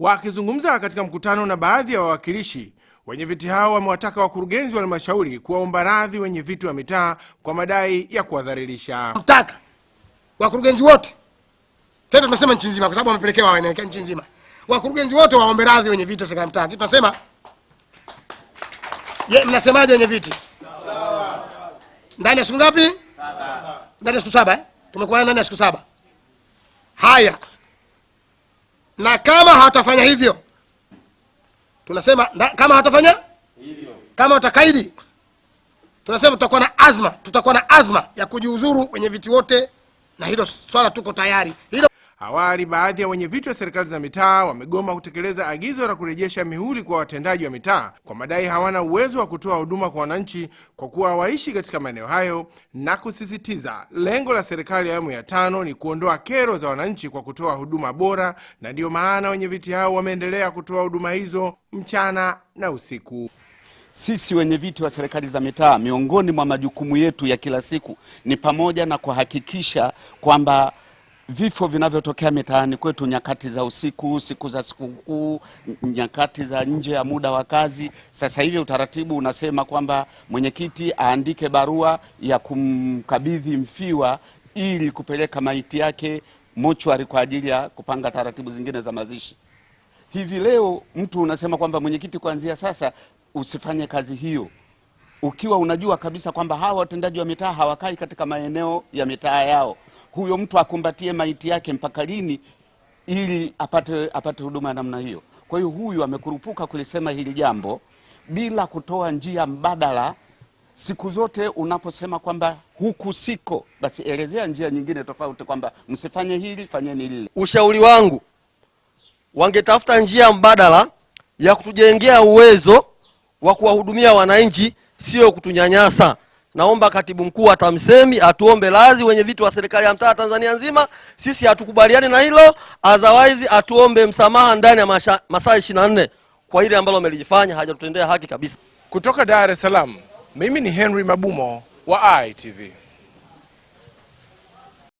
Wakizungumza katika mkutano na baadhi ya wawakilishi, wenye viti hao wamewataka wakurugenzi wa halmashauri kuwaomba radhi wenye viti wa mitaa kwa madai ya kuwadhalilisha. Nataka wakurugenzi wote, tena tunasema nchi nzima, kwa sababu wamepelekewa, wanaelekea nchi nzima. Wakurugenzi wote waombe radhi wenye viti wa serikali mtaa. Tunasema je, mnasemaje wenye viti? Ndani ya siku ngapi? Ndani ya siku saba eh? Tumekuwa ndani ya siku saba. Haya na kama hawatafanya hivyo tunasema na, kama hawatafanya hivyo, kama watakaidi, tunasema tutakuwa na azma, tutakuwa na azma ya kujiuzuru wenye viti wote, na hilo swala tuko tayari hilo Awali, baadhi ya wenye viti wa serikali za mitaa wamegoma kutekeleza agizo la kurejesha mihuli kwa watendaji wa mitaa kwa madai hawana uwezo wa kutoa huduma kwa wananchi kwa kuwa hawaishi katika maeneo hayo, na kusisitiza lengo la serikali ya awamu ya tano ni kuondoa kero za wananchi kwa kutoa huduma bora, na ndiyo maana wenye viti hao wameendelea kutoa huduma hizo mchana na usiku. Sisi wenye viti wa serikali za mitaa, miongoni mwa majukumu yetu ya kila siku ni pamoja na kuhakikisha kwamba vifo vinavyotokea mitaani kwetu nyakati za usiku, siku za sikukuu, nyakati za nje ya muda wa kazi. Sasa hivi utaratibu unasema kwamba mwenyekiti aandike barua ya kumkabidhi mfiwa ili kupeleka maiti yake mochwari kwa ajili ya kupanga taratibu zingine za mazishi. Hivi leo mtu unasema kwamba mwenyekiti, kuanzia sasa usifanye kazi hiyo, ukiwa unajua kabisa kwamba hawa watendaji wa mitaa hawakai katika maeneo ya mitaa yao huyo mtu akumbatie maiti yake mpaka lini, ili apate apate huduma ya namna hiyo. Kwa hiyo huyu amekurupuka kulisema hili jambo bila kutoa njia mbadala. Siku zote unaposema kwamba huku siko, basi elezea njia nyingine tofauti, kwamba msifanye hili, fanyeni lile. Ushauri wangu wangetafuta njia mbadala ya kutujengea uwezo wa kuwahudumia wananchi, sio kutunyanyasa. Naomba katibu mkuu wa TAMISEMI atuombe radhi wenye viti wa serikali ya mtaa Tanzania nzima, sisi hatukubaliani na hilo, otherwise atuombe msamaha ndani ya masaa 24 kwa ile ambalo amelijifanya, hajatutendea haki kabisa. Kutoka Dar es Salaam, mimi ni Henry Mabumo wa ITV.